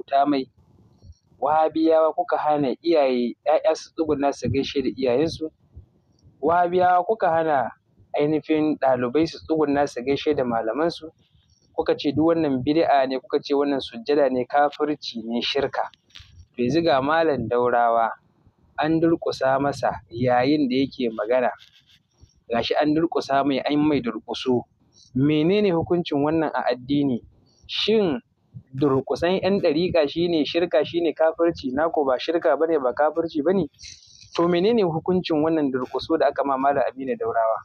bauta mai wahabiyawa kuka hana iyaye ‘ya'ya su tsuguna su gaishe da iyayensu wahabiyawa kuka hana ainihin ɗalibai su tsuguna su gaishe da malamansu kuka ce duk wannan bid'a ne kuka ce wannan sujjada ne kafirci ne shirka to yanzu malam daurawa an durƙusa masa yayin da yake magana gashi an durƙusa mai an mai durƙuso menene hukuncin wannan a addini shin durƙusan 'yan ɗariƙa shi ne shirka shi ne kafirci nako ba shirka ba ne, ba kafirci ne. to menene hukuncin wannan durƙuso da aka ma Malam amina daurawa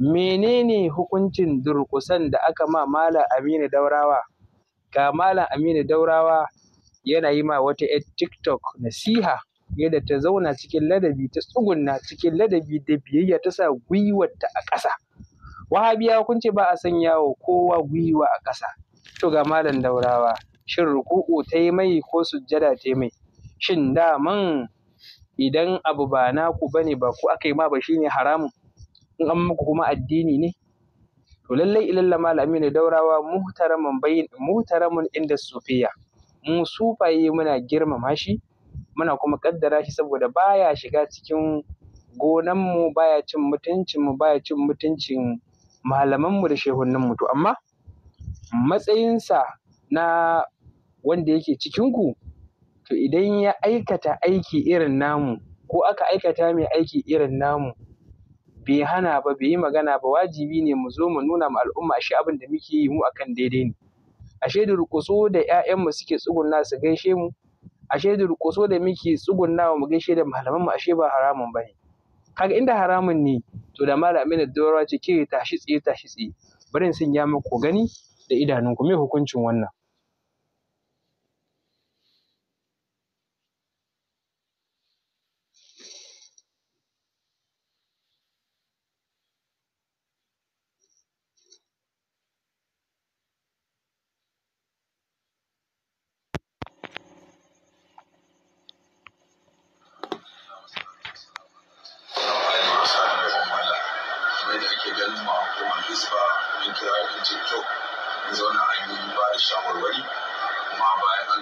menene hukuncin durƙusan da aka ma Malam amina daurawa ga malam aminu daurawa yana yi ma wata 'yar tiktok nasiha yadda ta zauna cikin ladabi ta tsugunna cikin ladabi da biyayya ta sa gwiwarta a ƙasa wahabiya kun ce ba a san yawo kowa gwiwa a ƙasa to ga malam daurawa shin ruku'u ta yi mai ko sujjada ta yi mai shin daman idan abu ba naku ba ne ba ku aka yi ma ba shi ne haramun in an muku kuma addini ne to lallai ilalla malami ne daurawa muhtaramun bayin muhtaramun inda sufiya mu sufaye muna girmama shi muna kuma kaddara shi saboda baya shiga cikin gonanmu baya cin mutuncinmu baya cin mutuncin malamanmu da shehunninmu to amma matsayinsa na wanda yake cikinku, to idan ya aikata aiki irin namu, ko aka aikata mai aiki irin namu, bai hana ba, bai yi magana ba, wajibi ne mu zo mu nuna ma al'umma ashe abin da muke yi mu akan daidai ne. Ashe durƙuso da ‘ya'yanmu suke tsugunna su gaishe mu, ashe durƙuso da muke tsugunnawa mu gaishe da mu ashe ba haramun ba ne. Kaga inda haramun ne, to da malamin da daurawa ce ke tashi tsaye tashi tsaye. barin sun ya muku gani da idanunku me hukuncin wannan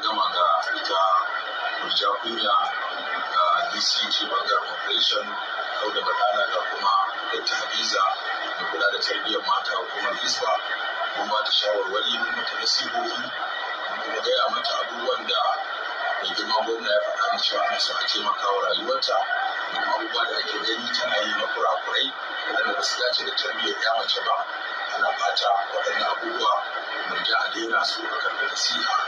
gama ga ita murja kunya ga dcg bangar corporation kau da badana da kuma da hadiza da kula da tarbiyyar mata kuma isba mun ba ta shawarwari mun mata nasihohi kuma gaya mata abubuwan da mai girma gwamna ya faɗa na cewa ana so a taimaka wa rayuwarta da abubuwa da ake gani tana yi na kurakurai waɗanda ba su dace da tarbiyyar ya mace ba ana fata waɗannan abubuwa mu ja a daina su a karɓi nasiha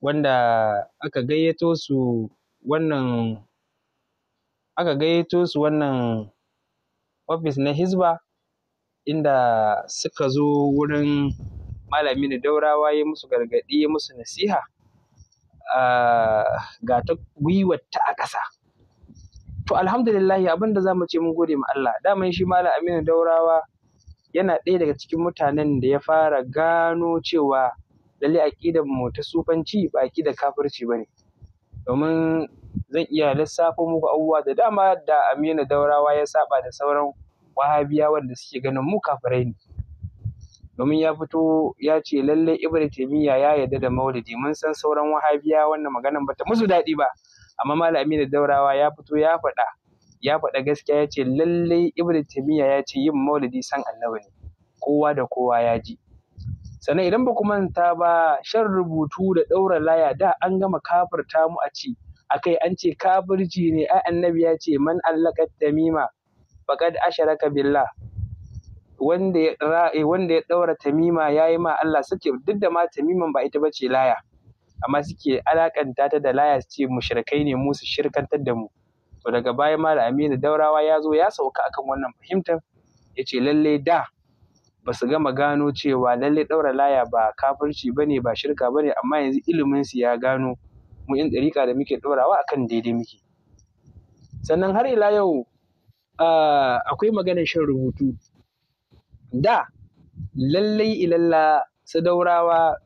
wanda aka gayyato su wannan aka gayyato su wannan ofis na Hisba, inda suka zo wurin malami da daurawa ya musu gargaɗi ya musu nasiha ga ta gwiwar ta a ƙasa to alhamdulillahi abin da za mu ce mun gode ma Allah daman shi malam Aminu Daurawa yana ɗaya daga cikin mutanen da ya fara gano cewa lalle aƙidar mu ta sufanci ba aƙidar kafirci ba ne domin zan iya lissafo muku abubuwa da dama da Aminu Daurawa ya saɓa da sauran wahabiya wanda suke ganin mu kafirai ne domin ya fito ya ce lallai Ibrahim taimiyya ya yarda da Maulidi mun san sauran wahabiya wannan maganan bata musu daɗi ba amma Malam Aminu Daurawa ya fito ya faɗa ya faɗa gaskiya ya ce lallai Ibrahim taimiyya ya ce yin Maulidi san Annabi ne kowa da kowa ya ji sannan idan ba ku manta ba shan rubutu da ɗaura laya da an gama kafirta mu a ce akai an ce kafirci ne ai annabi ya ce man allaka tamima faqad asharaka billah wanda ya eh, wanda ya ɗaura tamima yayi ma Allah suke duk da ma tamiman ba ita bace laya amma suke alakanta ta da laya su ce mushrikai ne mu su shirkantar da mu to daga baya ma da Aminu Daurawa ya zo ya sauka akan wannan fahimtar ya ce lalle da ba su gama gano cewa lallai ɗaura laya ba kafirci ba ne ba shirka ba ne amma yanzu iliminsu ya gano mu in ɗariƙa da muke ɗaurawa a kan daidai muke sannan har ila yau ah, akwai maganar shan rubutu da lallai ilalla sadaurawa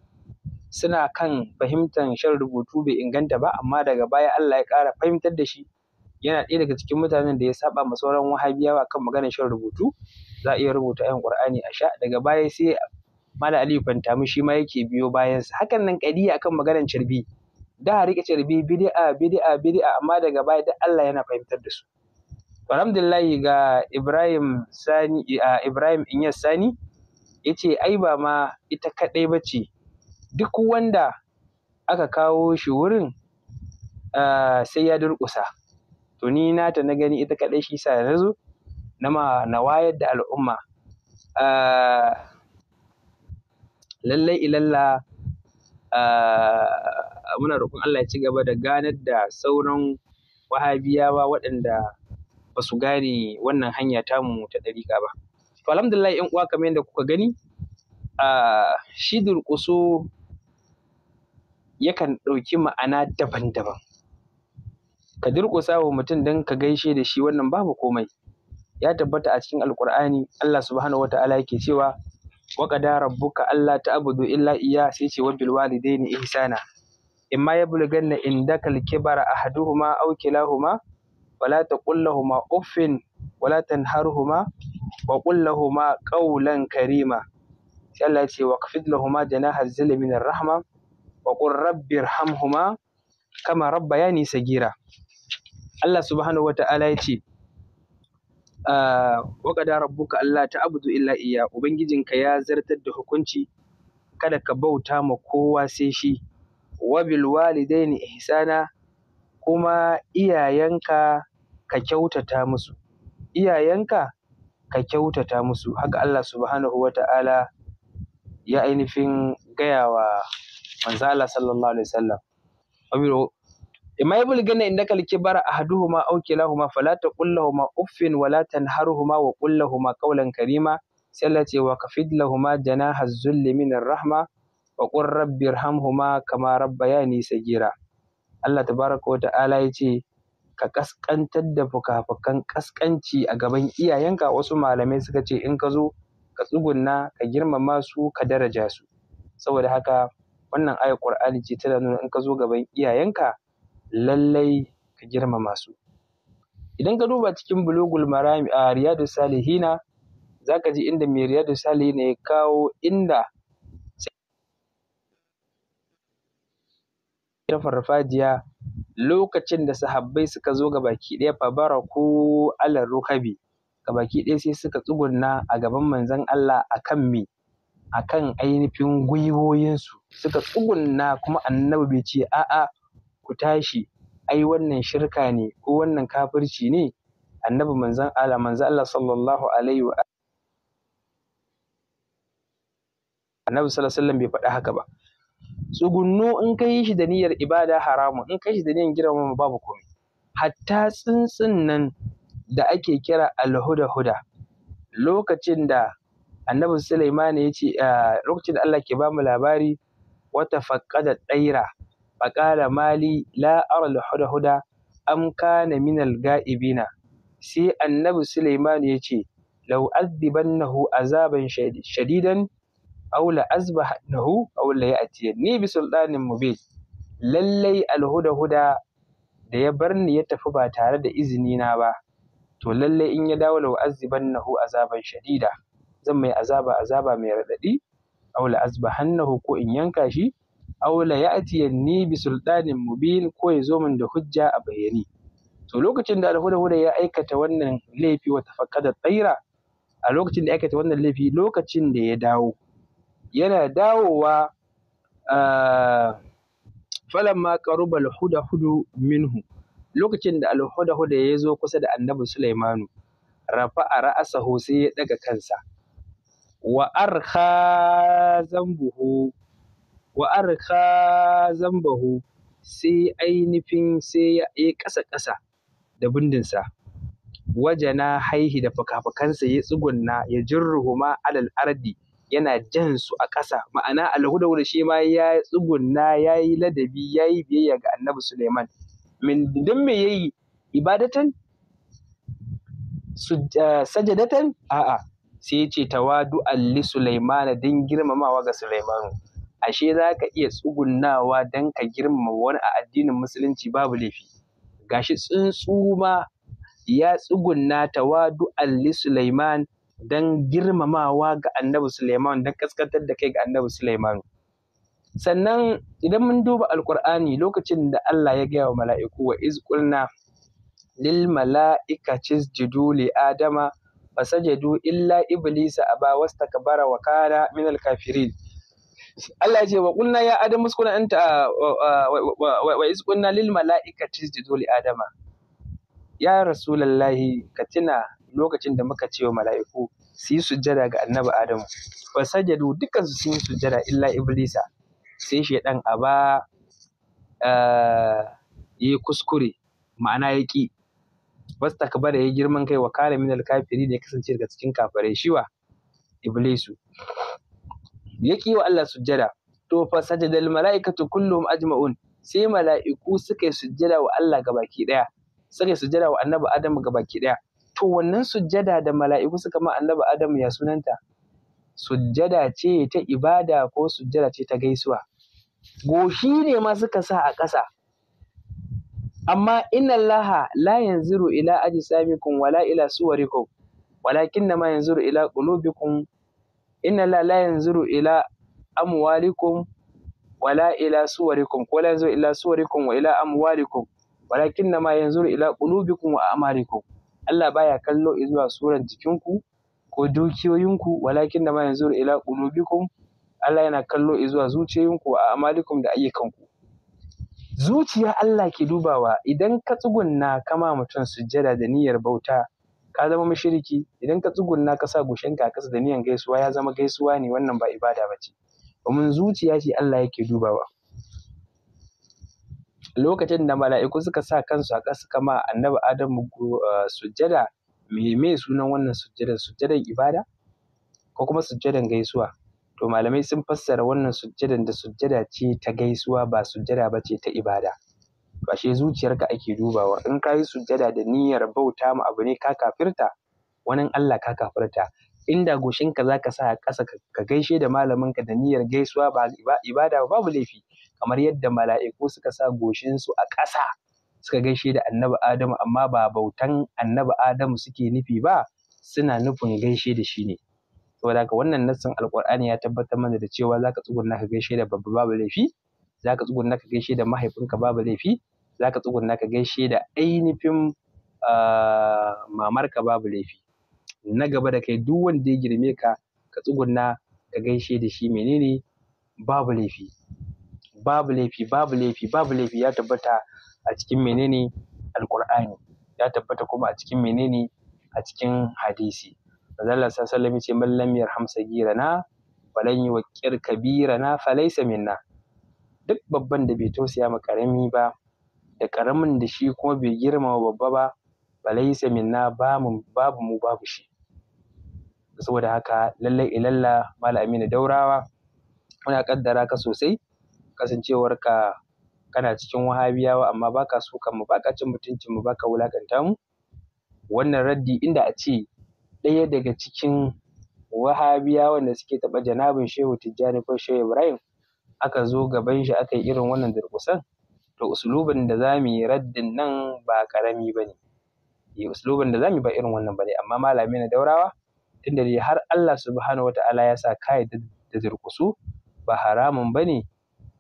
suna kan fahimtar shan rubutu bai inganta ba amma daga baya Allah ya ƙara fahimtar da shi yana ɗaya daga cikin mutanen da ya saɓa ma sauran wahabiyawa kan maganar shan rubutu za a iya rubuta ayan Qur'ani a sha daga baya sai Malam Aliyu Fantami shi ma yake biyo bayansa hakan nan kadiya akan maganar carbi da a rike carbi bid'a bid'a bid'a amma daga baya da Allah yana fahimtar da su alhamdulillah ga Ibrahim Sani Ibrahim Inyas Sani yace ai ba ma ita kadai bace duk wanda aka kawo shi wurin sai ya durkusa to ni nata na gani ita kadai shi sa na zo na wayar da al'umma ah, lallai ilalla ah, muna roƙon Allah ya ci gaba da ganar da sauran wahabiyawa waɗanda ba su gane wannan hanya tamu ta ɗariƙa ba. To alhamdulillah ‘yan uwa kamar yadda kuka gani ah, shi durƙuso yakan ɗauki ma'ana daban-daban. Ka durƙusa wa mutum don ka gaishe da shi wannan babu komai. ya tabbata a cikin alkur'ani Allah subhanahu wataala yake cewa wa qada rabbuka alla ta'budu illa iya sai ce wa bil walidaini ihsana imma yablughanna indakal kibara ahaduhuma aw kilahuma wala taqul lahumu uffin wala tanharhuma wa qul lahumu qawlan karima sai Allah ya ce wa qafid lahumu janaha zilli min rahma wa qur rabbirhamhuma kama rabbayani sagira Allah subhanahu wataala ya ce Ah, waƙada rabbuka Allah ta abudu illa iya ubangijinka ya zartar da hukunci kada ka bauta ma kowa sai shi wabil walidaini ihsana kuma iyayenka ka kyautata musu iyayenka ka kyautata musu haka Allah subhanahu wa ta'ala ya ainihin gaya wa manzala sallallahu alaihi wasallam imma yablughanna innaka al-kibara ahaduhuma aw huma fala kulla huma uffin wa la huma wa Ƙulla huma qawlan karima sai Allah ce wa kafid lahumā janaha az-zulli min rahma wa qur huma irhamhuma kama sa gira. Allah Ta wa ta'ala yace ka kaskantar da fukafukan kaskanci a gaban iyayenka wasu malamai suka ce in ka zo ka tsugunna ka girmama su ka daraja su saboda haka wannan ayar qur'ani ce tana nuna in ka zo gaban iyayenka lallai ka girmama su idan ka duba cikin bulugul marami a riyadu salihina za ka ji inda mai riyadu salihina ya kawo inda farfajiya lokacin da sahabbai suka zo ga baki ɗaya fabara ko alar rukabi ga baki ɗaya sai suka tsugunna a gaban manzon Allah kan me a kan ainihin gwiwoyinsu suka tsugunna kuma annabi bai ce a'a ku tashi ai wannan shirka ne ko wannan kafirci ne annabi manzan Allah manzan Allah sallallahu alaihi wa annabi sallallahu alaihi bai faɗi haka ba tsugunno in ka yi shi da niyyar ibada haramu, in ka yi shi da niyyar girmama babu komai hatta tsuntsun nan da ake kira alhuda huda lokacin da annabi Sulaiman ya ce ah, lokacin da Allah ke bamu labari wata faqqada daira فقال مالي لا أرى الهدهد أم كان من الغائبين sai annabi Suleiman ya ce lau azibannahu azaban shadidan aw la azbahannahu aw la ya'tiyanni bi sultanin mubin lallai alhuda-huda da ya bar ni ya tafi ba tare da izini na ba to lallai in ya dawo lau azibannahu azaban shadida zan mai azaba azaba mai raɗaɗi aw la azbahannahu ko in yanka shi aw la ya'tiyanni bi sultanin mubin ko ya zo min da hujja a bayyane to lokacin da alhuda ya aikata wannan laifi wa tafaqqada tsaira a lokacin da ya aikata wannan laifi lokacin da ya dawo yana dawowa falamma qaruba alhuda hudu minhu lokacin da alhuda huda ya zo kusa da annabi sulaimanu rafa a ra'asahu sai ya daga kansa wa arha zambuhu wa arka zambahu sai ainihin sai ya ƙasa ƙasa da bindinsa wajana haihi da fakafakansa ya tsugunna ya jirruhuma alal ardi yana jan su a ƙasa ma'ana alhuda shi ma ya tsugunna ya yi ladabi ya yi biyayya ga annabi suleiman min din me yayi ibadatan eh, sajadatan a'a sai ya ce tawadu alli sulaimana din girmamawa ga sulaimanu ashe za ka iya tsugunnawa don ka girmama wani a addinin musulunci babu laifi gashi tsuntsu ma ya tsugunna tawadu'an li Sulaiman don girmamawa ga annabi Sulaiman don kaskantar da kai ga annabi Sulaiman. Sannan idan mun duba alkur'ani lokacin da Allah ya gaya wa mala'iku wa izkulna lil mala'ikati isjudu li Adama fasajadu illa iblisa aba wastakbara wa kana minal kafirin. Allah ya ce wa kunna ya adamu kuna anta wa iz lil mala'ikati isjudu li adama ya rasulullahi ka tuna lokacin da muka ce wa mala'iku su yi sujjada ga annabi adamu wa sajadu dukkan su sun yi sujjada illa iblisa sai shaidan aba yi kuskure ma'ana ya ƙi wasu takabara ya girman kai wa kare min alkafiri da ya kasance daga cikin kafare shiwa iblisu ya wa Allah sujjada to fa sajadal mala'ikatu kulluhum ajma'un sai mala'iku suka yi sujjada wa Allah gabaki daya suka yi sujjada wa annabi Adam gabaki daya to wannan sujjada da mala'iku suka ma annabi Adam ya sunanta sujjada ce ta ibada ko sujjada ce ta gaisuwa goshi ne ma suka sa a ƙasa amma inna allaha la yanzuru ila ajsamikum wala ila suwarikum walakin ma yanzuru ila qulubikum inna la la yanzuru ila amwalikum wala ila suwarikum la yanzuru ila suwarikum wa ila amwalikum walakinna ma yanzuru ila qulubikum wa amarikum Allah baya kallo zuwa suran jikinku ko dukiyoyinku walakin ma yanzu ila qulubikum Allah yana kallo zuwa zuciyoyinku a amalikum da ayyukanku zuciya Allah ke dubawa idan ka tsugunna kama mutum sujjada da niyyar bauta ka zama mashiriki idan ka tsugunna ka sa goshinka a ƙasa da niyan gaisuwa ya zama gaisuwa ne wannan ba ibada ba ce domin zuciya ce Allah yake dubawa lokacin da mala'iku suka sa kansu a ƙasa kama annabi Adamu eh, sujjada me me sunan wannan sujjada sujjadan ibada ko kuma sujjadan gaisuwa to malamai sun fassara wannan sujjadan da sujjada ce ta gaisuwa ba sujjada ba ce ta ibada ashe zuciyarka ake dubawa in ka yi sujjada da niyyar bauta ma abu ne ka kafirta wani Allah ka kafirta inda goshinka za ka sa a ƙasa ka gaishe da malaminka da niyyar gaisuwa ba ibada babu laifi kamar yadda mala'iku suka sa goshinsu a ƙasa suka gaishe da annabi adamu amma ba bautan annabi adamu suke nufi ba suna nufin gaishe da shi ne saboda haka wannan nassin alƙur'ani ya tabbatar mana da cewa za ka tsuguna ka gaishe da babba babu laifi za ka tsugunna ka gaishe da mahaifinka babu laifi za ka tsugunna ka gaishe da ainihin ah, mamarka babu laifi na gaba da kai duk wanda ya girme ka ka tsugunna ka gaishe da shi menene babu laifi babu laifi babu laifi babu laifi ya tabbata a cikin menene alkur'ani ya tabbata kuma a cikin menene a cikin hadisi Allah sallallahu alaihi wasallam ya ce man lam yarham sagirana falan yuwaqqir kabirana falaysa minna duk babban da bai tausaya ma ƙarami ba da ƙaramin da shi kuma bai girmama babba ba falaisa minna babu mu babu shi saboda haka lallai ilalla malam aminu daurawa muna kaddara ka sosai kasancewar ka kana cikin wahabiyawa amma baka sukan mu baka cin mutuncin mu baka wulakanta mu wannan raddi inda a ce ɗaya daga cikin wahabiyawan da suke taɓa janabin shehu tijjani ko shehu ibrahim aka zo gaban shi aka yi irin wannan durƙusan to uslubin da za mu yi raddin nan ba ƙarami ba ne eh, uslubin da za mu yi ba irin wannan ba ne amma malami na daurawa tunda dai har Allah subhanahu wata'ala ya sa ka da durƙusu ba haramun ba ne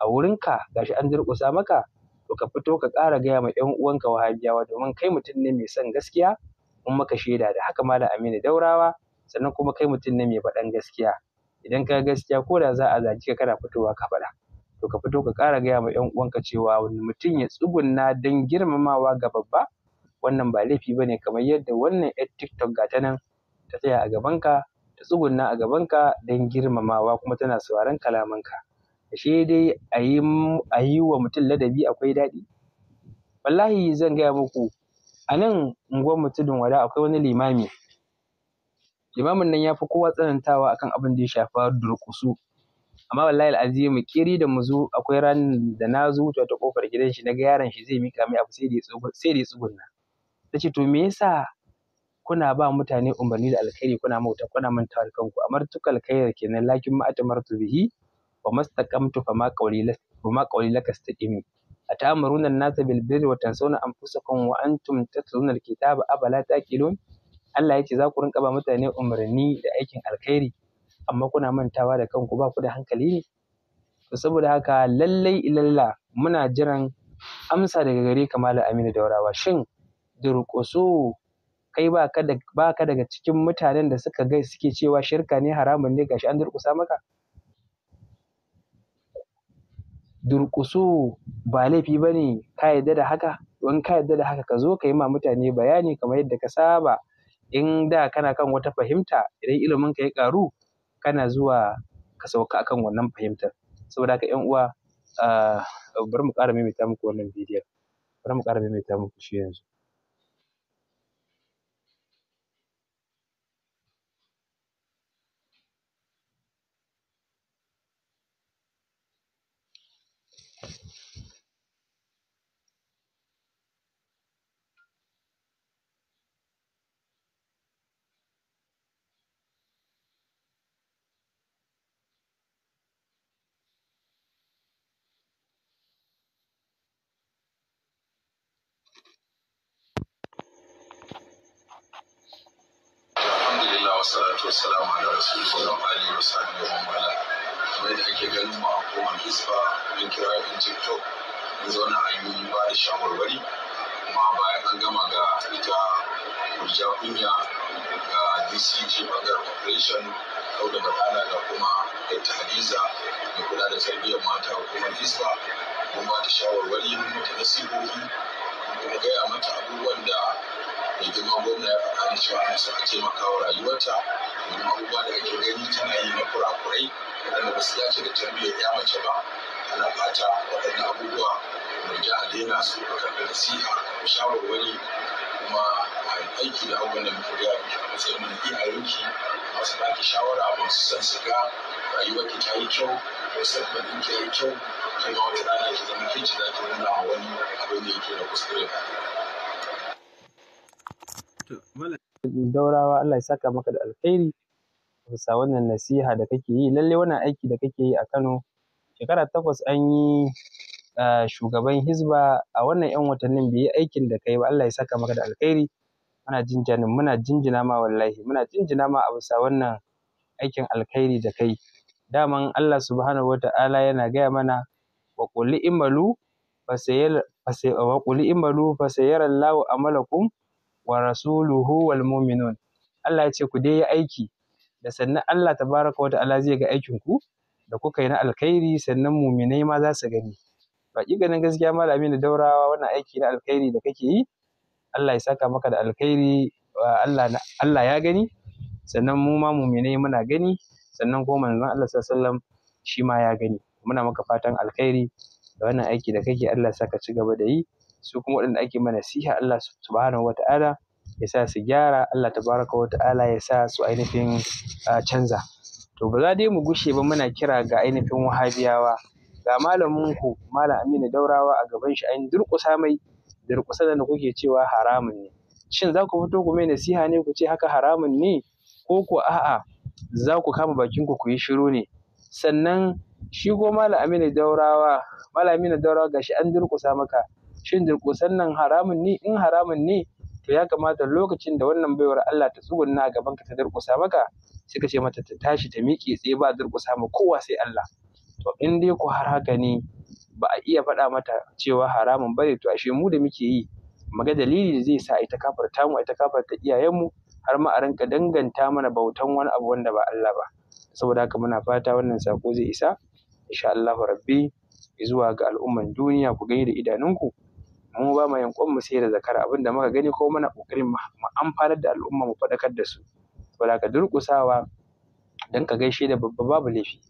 a wurinka gashi an durƙusa maka to ka fito ka ƙara gaya ma 'yan uwanka wahabiyawa domin kai mutum ne mai son gaskiya mun maka shaida da haka malam Aminu Daurawa sannan kuma kai mutum ne mai faɗan gaskiya idan ka gaskiya ko da za a zage ka kana fitowa ka faɗa to ka fito ka ƙara gaya ma 'yan uwanka cewa wani mutum ya tsugunna don girmamawa ga babba wannan ba laifi bane kamar yadda wannan 'yar tiktok gata nan ta tsaya a gabanka ta tsugunna a gabanka don girmamawa kuma tana sauraron kalamanka ashe dai a yi wa mutum ladabi akwai daɗi wallahi zan gaya muku a nan unguwar tudun wada akwai wani limami limamin nan ya fi kowa tsanantawa akan abin da ya shafa durƙusu amma wallahi al'azim kiri da mu akwai ranar da na zo ta kofar gidan shi na ga yaron shi zai mika mai abu sai da ya sai da ya tsugunna nace to me yasa kuna ba mutane umarni da alkhairi kuna mauta kuna manta da kanku amartukal khair kenan lakin ma atamartu bihi wa mastaqamtu fama qawli lak fama qawli lak atamuruna an-nasa bil birri wa tansawna anfusakum wa antum tatluna al-kitaba afala taqilun Allah ya ce za ku rinka ba mutane umarni da aikin alkhairi amma kuna mantawa da kanku ba ku da hankali ne to saboda haka lallai ilalla muna jiran amsa daga gare ka malam Aminu Daurawa shin durƙuso kai ba ka daga cikin mutanen da suka gai suke cewa shirka ne haramun ne gashi an durƙusa maka durƙuso ba laifi bane ne ka yarda da haka in ka yarda da haka ka zo ka yi ma mutane bayani kamar yadda ka saba in da kana kan wata fahimta idan ilimin ka ya ƙaru kana zuwa ka sauka akan wannan fahimtar saboda haka ƴan uwa ah, bari mu ƙara maimaita muku wannan bidiyon bari mu ƙara maimaita muku shi yanzu wasalatu wasalamu ala rasulullah wa alihi wa sahbihi wa mala kamar da ake ganin mu a kowane hisba mun kira in tiktok mun zauna an yi ba da shawarwari kuma bayan an gama ga ita kurja kunya ga dcg bangaren operation kau da bakana da kuma da hadiza da kula da tarbiyyar mata a kowane hisba mun ba ta shawarwari mun mata nasihohi mun gaya mata abubuwan da mai girma gwamna ya faɗa cewa ana son a taimaka wa rayuwarta domin abubuwa da ake gani tana yi na kurakurai waɗanda ba su dace da tarbiyyar ya mace ba ana fata waɗannan abubuwa mai ja a daina su a karɓi nasiha da shawarwari kuma a aiki da abubuwan da muke a matsayin mana iyayenki masu baki shawara masu son su ga rayuwarki ta yi kyau musamman ɗin ki yi kyau kai ma wata rana ki zama kinci za ki nuna wani abin da yake da kuskure ba. Daurawa Allah ya saka maka da alkhairi bisa wannan nasiha da kake yi. Lalle wannan aiki da kake yi a Kano shekara takwas an yi shugaban Hizba a wannan 'yan watannin bai yi aikin da kai ba Allah ya saka maka da alkhairi. Muna jinjina muna jinjina ma wallahi muna jinjina ma a bisa wannan aikin alkhairi da kai. Daman Allah subhanahu wata'ala yana gaya mana wa qul imalu fasayara Allahu amalakum wa rasuluhu wal mu'minun Allah ya ce ku dai yi aiki da sannan Allah tabaraka wata'ala zai ga aikin ku da kuka yi na alkhairi sannan muminai ma za su gani baki ganin gaskiya malami da daurawa wannan aiki na alkhairi da kake yi Allah ya saka maka da alkhairi Allah Allah ya gani sannan mu ma muminai muna gani sannan kuma manzon Allah sallallahu alaihi wasallam shi ma ya gani muna maka fatan alkhairi da wannan aiki da kake Allah ya saka ci gaba da yi su kuma waɗanda ake mana nasiha Allah subhanahu wa ta'ala ya sa su gyara Allah tabaraka wa ta'ala ya sa su ainihin ah, canza to ba za dai mu gushe ba muna kira ga ainihin wahabiyawa ga malamin ku malam Aminu Daurawa a gaban shi ainihin durƙusa mai durƙusa da kuke cewa haramun ne shin za ku fito ku mai nasiha ne ku ce haka haramun ne ko ku a'a za ku kama bakin ku ku yi shiru ne sannan shi ko malam Aminu Daurawa malam Aminu Daurawa gashi an durƙusa maka shin durƙusan nan haramun ne in haramun ne to ya kamata lokacin da wannan baiwar Allah ta tsugunna a ka ta durƙusa maka sai ce mata ta tashi ta miƙe tsaye ba durƙusa ma kowa sai Allah to in dai ku har haka ne ba a iya faɗa mata cewa haramun ba bane to ashe mu da muke yi maga dalili da zai sa ita kafarta mu ita kafarta iyayenmu har ma a rinka danganta mana bautan wani abu wanda ba Allah ba saboda haka muna fata wannan sako zai isa insha Allahu rabbi zuwa ga al'umman duniya ku gani da idanunku mu ba ma yankon mu sai da zakar abin da muka gani ko muna kokarin mu amfanar da al'umma mu faɗakar da su saboda ka durƙusawa dan ka gaishe da babba babu laifi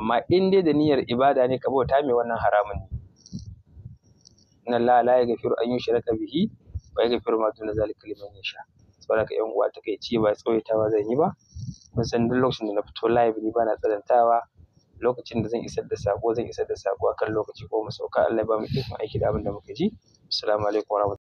amma in dai da niyyar ibada ne ka bauta mai wannan haramun ne inna allaha la yaghfiru an yushraka bihi wa yaghfiru ma duna zalika liman yasha saboda ka yan uwa ta kaici, ba tsawaitawa zan yi ba Mun san duk lokacin da na fito live ni bana tsarantawa lokacin da zan isar da sako zan isar da sako akan lokaci ko mu sauka Allah ba mu ikon aiki da abin da muka ji السلام عليكم ورحمة